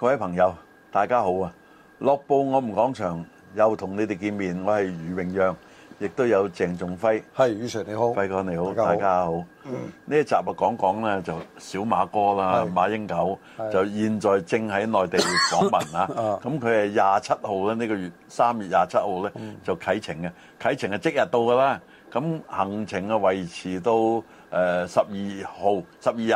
各位朋友，大家好啊！樂報我們講場，又同你哋見面，我係余榮讓，亦都有鄭仲輝，係余 Sir 你好，輝哥你好，你好大家好。呢、嗯、一集啊，講講咧就小馬哥啦，是馬英九的就現在正喺內地訪問啊。咁佢係廿七號啦，呢、這個月三月廿七號咧就啟程嘅，啟、嗯、程係即日到噶啦。咁行程啊維持到誒十二號、十二日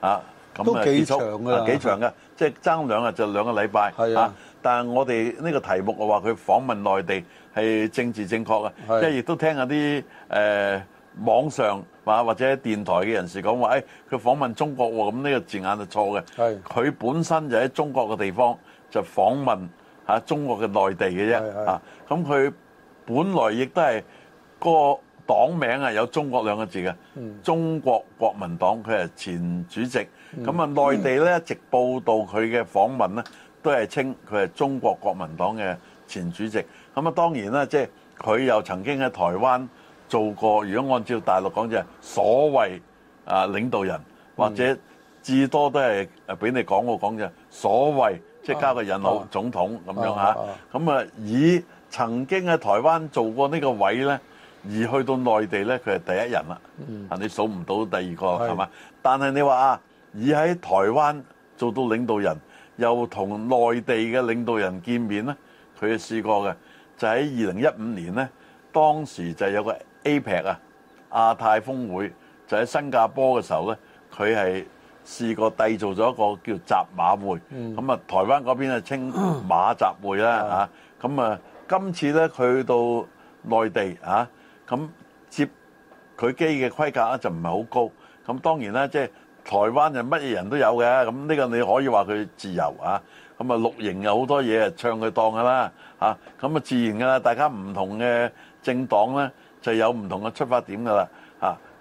啊。都幾長㗎，幾束長㗎，是的 即係爭兩日，就、兩個禮拜是的、啊、但係我哋呢個題目我話佢訪問內地係政治正確啊，即係亦都聽下啲誒網上或或者電台嘅人士講話，誒、哎、佢訪問中國喎，咁呢個字眼係錯嘅。佢是的 本身就喺中國嘅地方就訪問、啊、中國嘅內地嘅啫是的 啊，咁佢是的、啊、本來亦都係個。黨名啊有中國兩個字嘅中國國民黨佢係前主席。咁啊，內地咧一直報道佢嘅訪問咧，都係稱佢係中國國民黨嘅前主席。咁啊，當然啦，即係佢又曾經喺台灣做過，如果按照大陸講，就係所謂啊領導人，或者至多都係誒俾你講我講啫。所謂即係加個引號總統咁樣吓。咁啊，以曾經喺台灣做過呢個位咧。而去到內地呢佢係第一人啦，嗯、你數唔到第二個係嘛是？但係你話啊，而喺台灣做到領導人，又同內地嘅領導人見面呢，佢試過嘅就喺二零一五年呢，當時就有個 APEC 啊亞太峰會，就喺新加坡嘅時候呢，佢係試過締造咗一個叫習馬會，咁啊、嗯、台灣嗰邊啊稱馬習會啦咁、嗯、啊，是啊今次呢，去到內地、啊咁接佢機嘅規格咧就唔係好高，咁當然啦，即係台灣就乜嘢人都有嘅，咁呢個你可以話佢自由啊，咁啊綠營有好多嘢係唱佢當㗎啦，咁啊自然㗎啦，大家唔同嘅政黨咧就有唔同嘅出發點㗎啦，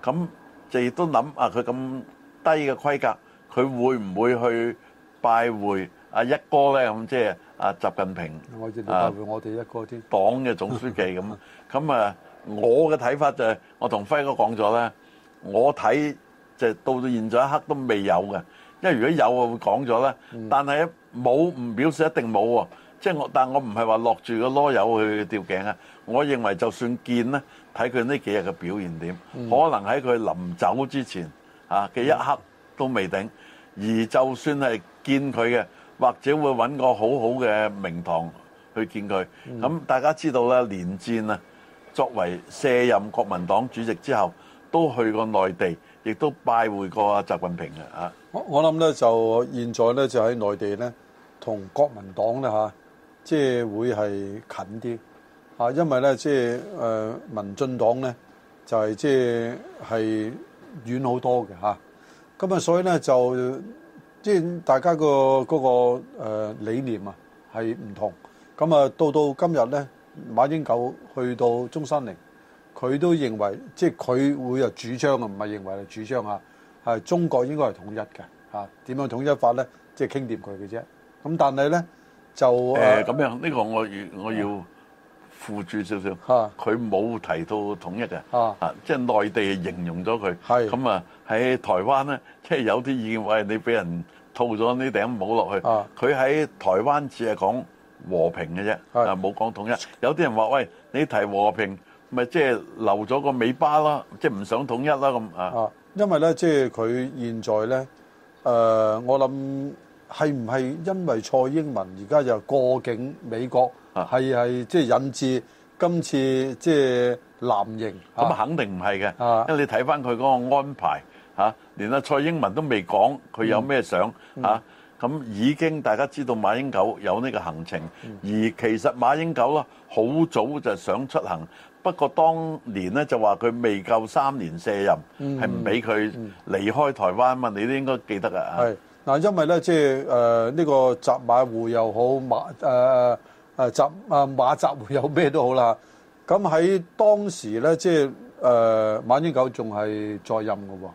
咁就亦都諗啊佢咁低嘅規格，佢會唔會去拜會啊一哥咧咁即係習近平啊，我哋拜會我哋一哥啲黨嘅總書記咁，咁啊。我嘅睇法就係、是，我同輝哥講咗咧，我睇就係到到現在一刻都未有嘅，因為如果有我會講咗咧。但係冇唔表示一定冇喎，即係我，但我唔係話落住個籮柚去吊頸啊！我認為就算見咧，睇佢呢幾日嘅表現點，可能喺佢臨走之前啊嘅一刻都未定。而就算係見佢嘅，或者會揾個好好嘅名堂去見佢。咁大家知道啦，連戰啊！作為卸任國民黨主席之後，都去過內地，亦都拜會過啊習近平嘅啊。我我諗咧就現在咧就喺內地咧，同國民黨咧嚇，即係會係近啲啊，因為咧即係誒民進黨咧就係即係係遠好多嘅嚇。咁啊，所以咧就即係大家個嗰個誒理念啊係唔同。咁啊，到到今日咧。馬英九去到中山陵，佢都認為即係佢會有主張啊，唔係認為係主張啊，係中國應該係統一嘅，吓、啊、點樣統一法咧？即係傾掂佢嘅啫。咁但係咧就誒咁、啊呃、樣呢、這個我要我要附注少少，佢冇、哦、提到統一嘅，吓即係內地形容咗佢，咁啊喺台灣咧，即、就、係、是、有啲意見話，你俾人套咗呢頂帽落去，佢喺、啊、台灣只係講。和平嘅啫，啊冇講統一。有啲人話：喂，你提和平，咪即係留咗個尾巴咯，即係唔想統一啦咁啊。因為咧，即係佢現在咧，誒，我諗係唔係因為蔡英文而家就過境美國，係係即係引致今次即係藍營。咁啊，肯定唔係嘅，因為你睇返佢嗰個安排嚇，連阿蔡英文都未講佢有咩想嚇。咁已經大家知道馬英九有呢個行程，而其實馬英九啦，好早就想出行，不過當年咧就話佢未夠三年卸任，係唔俾佢離開台灣。嘛。你都應該記得噶、嗯。係、嗯、嗱，因為咧即係誒呢、就是呃這個習馬會又好馬習、呃、啊習會有咩都好啦。咁喺當時咧即係誒馬英九仲係在任㗎喎，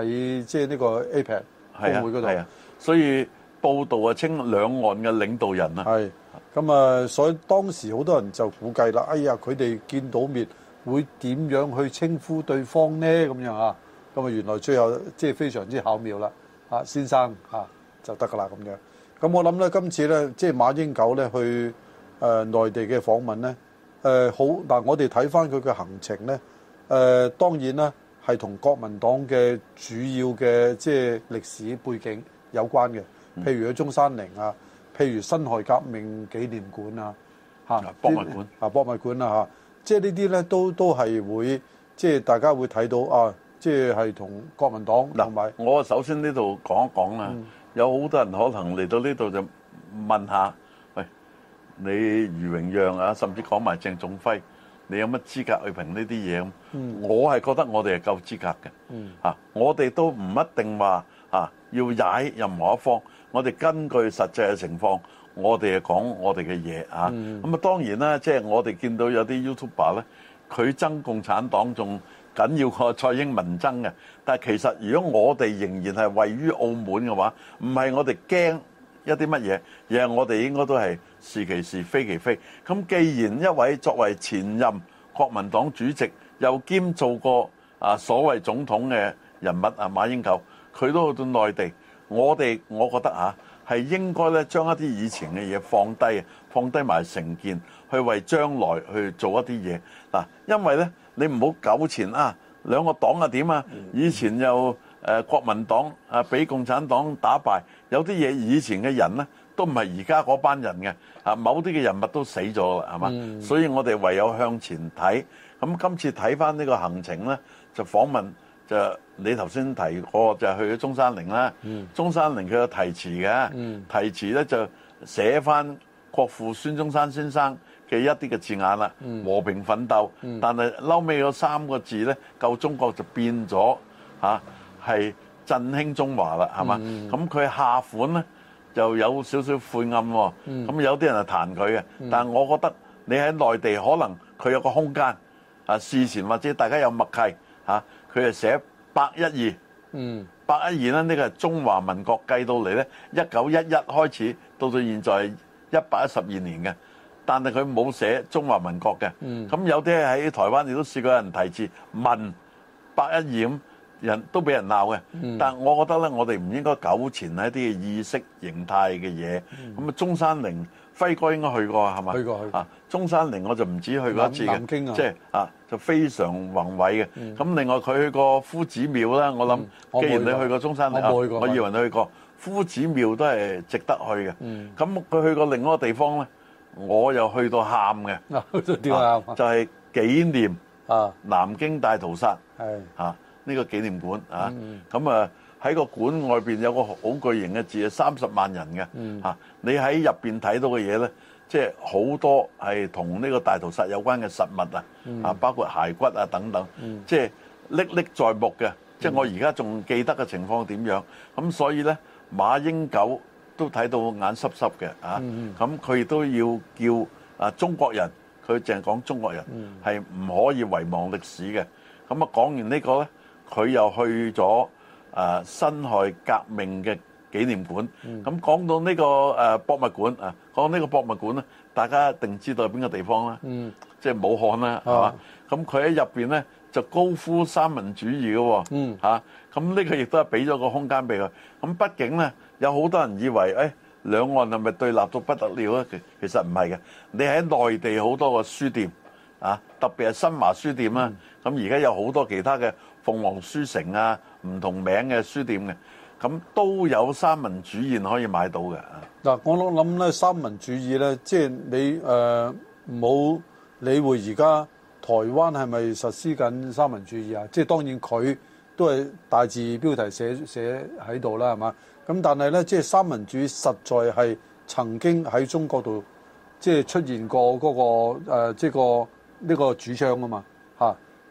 喺即係呢個 APEC 公會嗰度。所以報道啊，稱兩岸嘅領導人啊，係咁啊，所以當時好多人就估計啦。哎呀，佢哋見到面會點樣去稱呼對方呢？咁樣啊，咁啊，原來最後即係非常之巧妙啦。啊，先生啊，就得噶啦咁樣。咁我諗咧，今次咧，即係馬英九咧去誒、呃、內地嘅訪問咧，誒、呃、好嗱、呃，我哋睇翻佢嘅行程咧，誒、呃、當然啦，係同國民黨嘅主要嘅即係歷史背景。有關嘅，譬如喺中山陵啊，譬如辛亥革命紀念館啊，嚇博物館啊，博物館啊，嚇，即係呢啲咧都都係會即係大家會睇到啊，即係係同國民黨嗱，咪我首先呢度講一講啦。嗯、有好多人可能嚟到呢度就問下，喂你余榮讓啊，甚至講埋鄭仲輝，你有乜資格去評呢啲嘢咁？我係覺得我哋係夠資格嘅，啊，嗯、我哋都唔一定話啊。要踩任何一方，我哋根據實際嘅情況，我哋誒講我哋嘅嘢啊。咁啊，當然啦，即係我哋見到有啲 YouTuber 咧，佢憎共產黨仲緊要過蔡英文憎嘅。但係其實，如果我哋仍然係位於澳門嘅話，唔係我哋驚一啲乜嘢，而係我哋應該都係是其是非其非。咁既然一位作為前任國民黨主席又兼做過啊所謂總統嘅人物啊馬英九。佢都去到內地，我哋我覺得啊，係應該咧，將一啲以前嘅嘢放低，放低埋成見，去為將來去做一啲嘢嗱。因為咧，你唔好糾纏啊，兩個黨啊點啊，以前又誒國民黨啊俾共產黨打敗，有啲嘢以前嘅人咧都唔係而家嗰班人嘅啊，某啲嘅人物都死咗啦，係嘛？所以我哋唯有向前睇。咁今次睇翻呢個行程咧，就訪問。就你頭先提過，就去咗中山陵啦。嗯、中山陵佢有題詞嘅，嗯、題詞咧，就寫返國父孫中山先生嘅一啲嘅字眼啦。嗯、和平奮鬥，嗯、但係嬲尾嗰三個字咧，救中國就變咗嚇係振興中華啦，係嘛，嗯？咁佢下款咧就有少少晦暗喎。咁、嗯、有啲人啊彈佢嘅。嗯、但係我覺得你喺內地可能佢有個空間啊，事前或者大家有默契、啊佢係寫百一二，嗯，百一二啦。呢個係中華民國計到嚟咧，一九一一開始到到現在一百一十二年嘅，但係佢冇寫中華民國嘅。咁、嗯、有啲喺台灣，亦都試過有人提字問百一二人都俾人鬧嘅，但我覺得咧，我哋唔應該糾纏一啲意識形態嘅嘢。咁啊，中山陵輝哥應該去過係咪？去過去。啊，中山陵我就唔止去過一次嘅，南京啊，即係啊，就非常宏偉嘅。咁另外佢去過夫子廟啦。我諗既然你去過中山陵，我以為你去過夫子廟都係值得去嘅。咁佢去過另一個地方咧，我又去到喊嘅。啊，就係紀念啊南京大屠殺係啊。呢個紀念館啊，咁啊喺個館外邊有個好巨型嘅字，三十萬人㗎。你喺入邊睇到嘅嘢咧，即係好多係同呢個大屠殺有關嘅實物啊，啊包括骸骨啊等等，即係歷歷在目嘅。即係我而家仲記得嘅情況點樣？咁所以咧，馬英九都睇到眼濕濕嘅啊。咁佢亦都要叫啊中國人，佢淨係講中國人係唔可以遺忘歷史嘅。咁啊講完呢個咧。佢又去咗誒、呃、辛亥革命嘅紀念館。咁講、嗯、到呢個誒博物館啊，講到呢個博物館咧、啊，大家一定知道係邊個地方啦？嗯，即係武漢啦，係嘛、啊？咁佢喺入邊咧就高呼三民主義嘅喎。嗯，嚇咁呢個亦都係俾咗個空間俾佢。咁畢竟咧，有好多人以為誒、哎、兩岸係咪對立到不得了咧？其其實唔係嘅，你喺內地好多個書店啊，特別係新華書店啦。咁而家有好多其他嘅。鳳凰書城啊，唔同名嘅書店嘅，咁都有三民主義可以買到嘅。嗱，我諗咧，三民主義咧，即係你誒唔好理會而家台灣係咪實施緊三民主義啊？即係當然佢都係大字標題寫寫喺度啦，係嘛？咁但係咧，即係三民主義實在係曾經喺中國度即係出現過嗰個誒，即係個呢個主張啊嘛。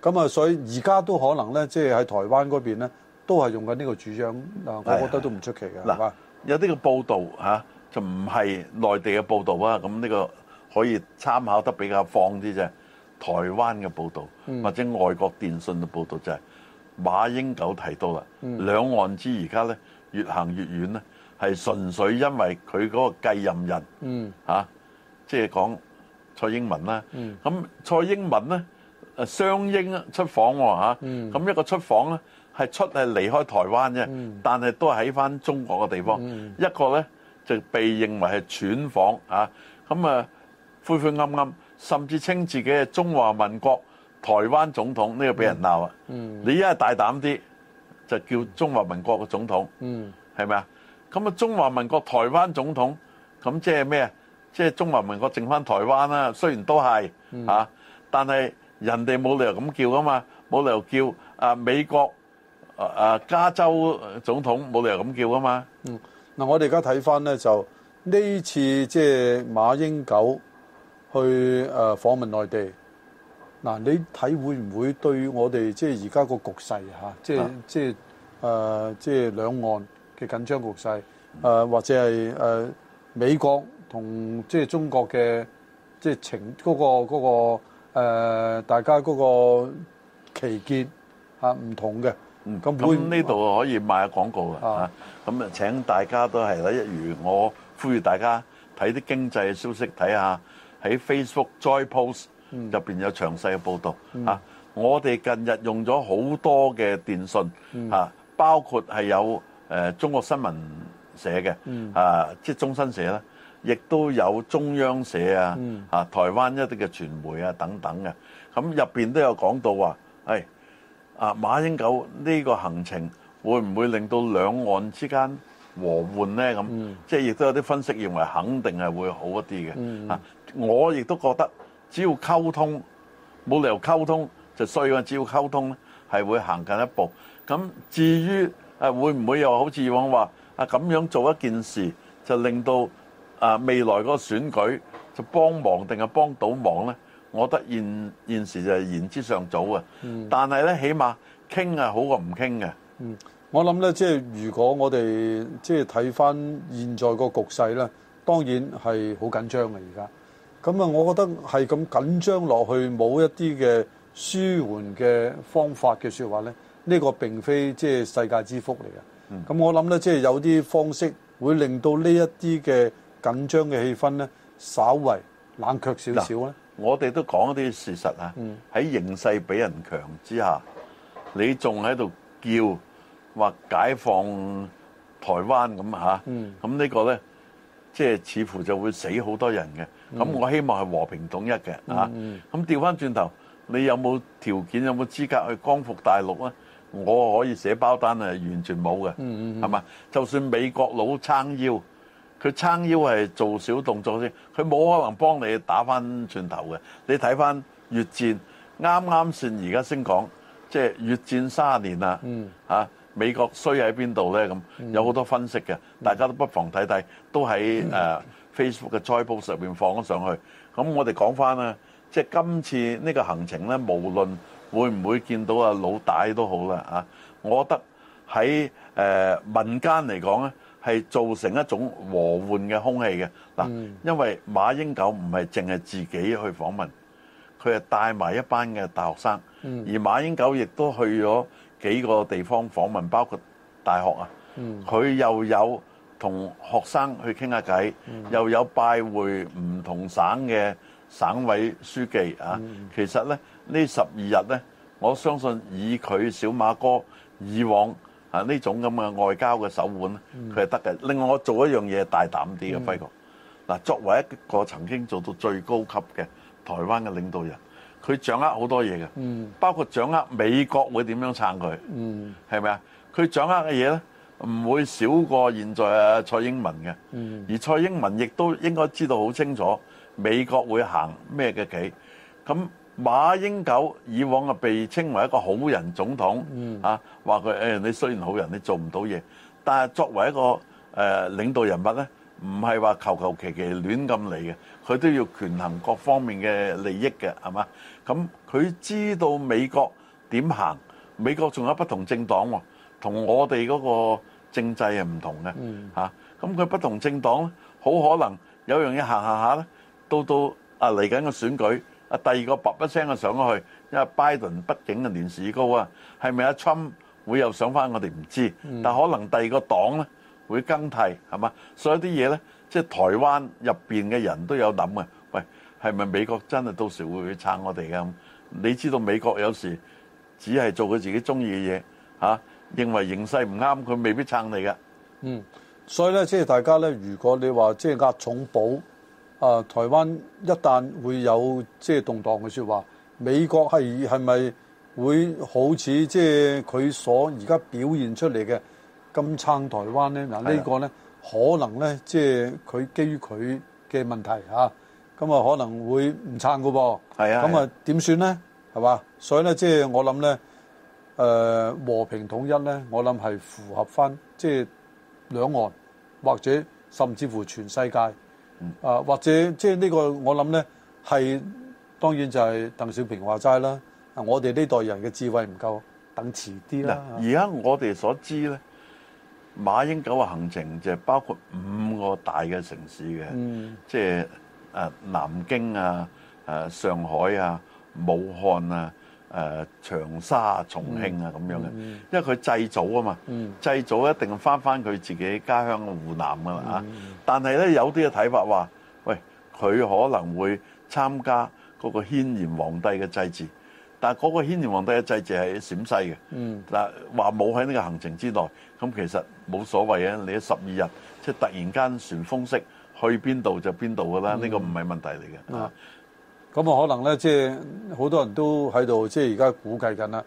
咁啊，所以而家都可能咧，即係喺台灣嗰邊咧，都係用緊呢個主張，嗱，我覺得都唔出奇嘅，係有啲嘅報道吓，就唔係內地嘅報道啊，咁呢個可以參考得比較放啲啫。台灣嘅報道、嗯、或者外國電信嘅報道就係馬英九提到啦，嗯、兩岸之而家咧越行越遠咧，係純粹因為佢嗰個繼任人嚇，即係講蔡英文啦。咁蔡英文咧？誒雙英出訪喎、啊、咁、嗯、一個出訪呢，係出係離開台灣啫，嗯、但係都係喺翻中國嘅地方。嗯、一個呢，就被認為係串訪嚇、啊，咁啊灰灰暗暗，甚至稱自己係中華民國台灣總統，呢、呢個俾人鬧啊。嗯嗯、你一係大膽啲，就叫中華民國嘅總統，係咪啊？咁啊中華民國台灣總統，咁即係咩啊？即、就、係、係、中華民國剩翻台灣啦、啊。雖然都係嚇、嗯啊，但係。人哋冇理由咁叫噶嘛，冇理由叫啊！美國啊啊加州總統冇理由咁叫噶嘛。嗯，嗱我哋而家睇翻咧，就呢次即係馬英九去誒訪問內地。嗱，你睇會唔會對我哋即係而家個局勢嚇，即係即係誒即係兩岸嘅緊張局勢，誒或者係誒美國同即係中國嘅即係情嗰個嗰個。誒、呃，大家嗰個歧見唔同嘅，咁咁呢度可以賣、下、廣告嘅咁啊，啊請大家都係啦，一如我呼籲大家睇啲經濟嘅消息，睇下喺 Facebook Joy Post 入面有詳細嘅報導、嗯啊、我哋近日用咗好多嘅電訊、啊、包括係有、呃、中國新聞社嘅、啊、即中新社啦。亦都有中央社啊，啊，台灣一啲嘅傳媒啊等等嘅咁入邊都有講到話，誒啊馬英九呢個行程會唔會令到兩岸之間和緩咧？咁即係亦都有啲分析認為肯定係會好一啲嘅啊。我亦都覺得只要溝通，冇理由溝通就衰嘅，只要溝通咧，係會行近一步。咁至於誒會唔會又好似以往話啊咁樣做一件事就令到？啊！未來個選舉就幫忙定係幫到忙呢？我覺得現現時就係言之尚早啊。嗯、但係呢，起碼傾啊，好過唔傾嘅。嗯，我諗呢，即係如果我哋即係睇翻現在個局勢咧，當然係好緊張嘅。而家咁啊，我覺得係咁緊張落去，冇一啲嘅舒緩嘅方法嘅説話呢，呢、呢個並非即係世界之福嚟嘅。咁、嗯、我諗呢，即係有啲方式會令到呢一啲嘅。緊張嘅氣氛咧，稍為冷卻少少咧。我哋都講一啲事實啊。喺、嗯、形勢比人強之下，你仲喺度叫或解放台灣咁咁、啊嗯、呢個咧，即、就、係、是、似乎就會死好多人嘅。咁、嗯、我希望係和平統一嘅嚇。咁調翻轉頭，你有冇條件、有冇資格去光復大陸呢？我可以寫包單啊，完全冇嘅。係嘛、嗯嗯？就算美國佬撐腰。佢撐腰係做小動作先，佢冇可能幫你打翻轉頭嘅。你睇翻越戰，啱啱先而家先講，即係越戰三年啦。嚇、嗯啊，美國衰喺邊度咧？咁有好多分析嘅，大家都不妨睇睇，都喺誒、呃、Facebook 嘅樂報上面放咗上去。咁我哋講翻啦，即係今次呢個行程咧，無論會唔會見到啊老大都好啦。嚇、啊，我覺得喺誒、呃、民間嚟講咧。係造成一種和緩嘅空氣嘅嗱，因為馬英九唔係淨係自己去訪問，佢係帶埋一班嘅大學生，而馬英九亦都去咗幾個地方訪問，包括大學啊，佢又有同學生去傾下偈，又有拜會唔同省嘅省委書記啊。其實咧呢十二日咧，我相信以佢小馬哥以往。啊！呢種咁嘅外交嘅手腕咧，佢係得嘅。另外，我做一樣嘢大膽啲嘅，輝哥。嗱，作為一個曾經做到最高級嘅台灣嘅領導人，佢掌握好多嘢嘅，包括掌握美國會點樣撐佢，係咪啊？佢掌握嘅嘢咧，唔會少過現在啊蔡英文嘅。而蔡英文亦都應該知道好清楚美國會行咩嘅棋，咁。馬英九以往啊，被稱為一個好人總統，啊話佢、哎、你雖然好人，你做唔到嘢，但係作為一個誒、呃、領導人物呢，唔係話求求其其亂咁嚟嘅，佢都要權衡各方面嘅利益嘅，係嘛？咁、嗯、佢、嗯嗯、知道美國點行，美國仲有不同政黨喎，同我哋嗰個政制係唔同嘅，咁、啊、佢不同政黨好可能有樣嘢行行、行、行、啊、下呢到到啊嚟緊嘅選舉。第二個叭叭聲啊上咗去，因為拜登畢竟年事已高啊，係咪川普會又上翻我哋唔知，但可能第二個黨咧會更替係嘛？所有啲嘢咧即係台灣入邊嘅人都有諗嘅，喂係咪美國真係到時會撐我哋嘅？你知道美國有時只係做佢自己中意嘅嘢嚇，認為形勢唔啱佢未必撐你㗎。嗯，所以咧即係大家咧，如果你話即係壓重保。啊！台灣一旦會有即係動盪嘅説話，美國係係咪會好似即係佢所而家表現出嚟嘅咁撐台灣咧？嗱是的，呢個咧可能咧即係佢基於佢嘅問題嚇，咁啊可能會唔撐噶噃。係啊是的，咁啊點算咧？係嘛？所以咧，即係我諗咧，誒、呃、和平統一咧，我諗係符合翻即係兩岸，或者甚至乎全世界。啊，或者即係、就是、呢個，我諗咧係，當然就係鄧小平話齋啦。啊，我哋呢代人嘅智慧唔夠，等遲啲啦。而家我哋所知咧，馬英九嘅行程就係包括五個大嘅城市嘅，嗯，即係誒南京啊、誒上海啊、武漢啊。誒、呃、長沙、重慶啊咁樣嘅。嗯嗯、因為佢祭祖啊嘛，祭祖、嗯、一定翻翻佢自己家鄉湖南㗎啦、嗯、但係咧有啲嘅睇法話，喂佢可能會參加嗰個軒轅皇帝嘅祭祀。但係嗰個軒轅皇帝嘅祭祀係陝西嘅，嗱話冇喺呢個行程之內，咁其實冇所謂嘅。你十二日即係突然間旋風式去邊度就邊度㗎啦，呢、嗯、個唔係問題嚟嘅。啊，咁啊可能咧即係好多人都喺度，即係而家估計緊啦，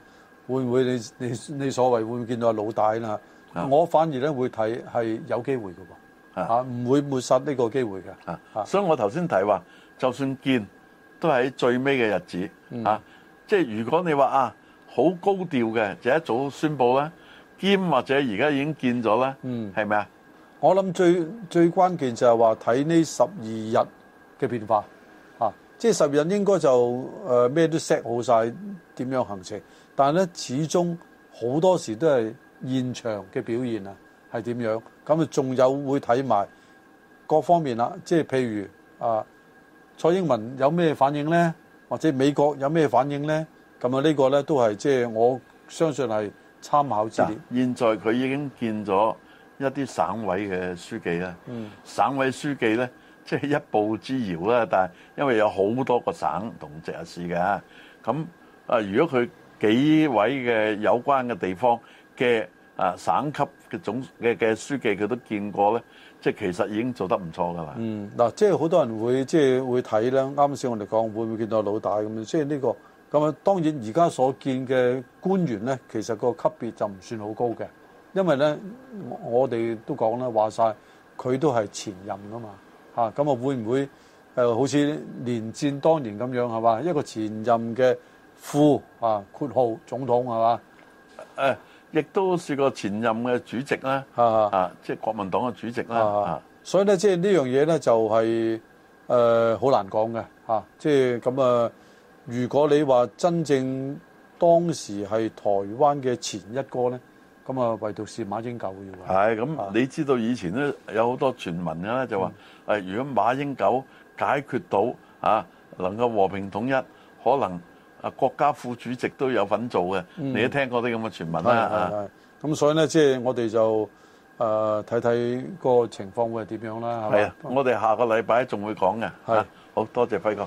會唔會你你你所謂會唔會見到阿老大啦？啊、我反而咧會睇係有機會嘅喎，唔、啊啊、會抹殺呢個機會嘅。啊啊、所以我頭先提話，就算見都係喺最尾嘅日子，啊嗯、即係如果你話啊好高調嘅，就一早宣布咧，兼或者而家已經見咗咧，嗯，係咪啊？我諗最最關鍵就係話睇呢十二日嘅變化。即係十日應該就誒咩、呃、都 set 好晒點樣行程，但係咧始終好多時都係現場嘅表現啊，係點樣咁啊？仲有會睇埋各方面啦，即係譬如啊、呃，蔡英文有咩反應咧，或者美國有咩反應咧，咁啊呢個咧都係即係我相信係參考之列。現在佢已經見咗一啲省委嘅書記啦，嗯、省委書記咧。即係一步之遙啦，但係因為有好多個省同直轄市嘅咁啊。如果佢幾位嘅有關嘅地方嘅啊省級嘅總嘅嘅書記佢都見過咧，即係其實已經做得唔錯噶啦。嗯，嗱，即係好多人會即係會睇咧。啱先我哋講會唔會見到老大咁樣？即係呢個咁啊。當然而家所見嘅官員咧，其實個級別就唔算好高嘅，因為咧我哋都講啦，話晒，佢都係前任啊嘛。啊，咁啊會唔會、呃、好似連戰當年咁樣係嘛？一個前任嘅副啊（括號）總統係嘛？誒，亦、啊、都係個前任嘅主席啦。啊啊，即係、啊就係、國民黨嘅主席啦。啊，啊所以咧，即係呢樣嘢咧，就係誒好難講嘅。嚇、啊，即係咁啊！如果你話真正當時係台灣嘅前一個咧？咁啊，唯獨是馬英九要。係咁，你知道以前咧有好多傳聞嘅啦，就話、嗯、如果馬英九解決到啊，能夠和平統一，可能啊國家副主席都有份做嘅。嗯、你都聽過啲咁嘅傳聞啦。係係係。咁所以咧，即係我哋就誒睇睇個情況會係點樣啦。係啊、係，係、我哋下個禮拜仲會講嘅。係啊，好多謝輝哥。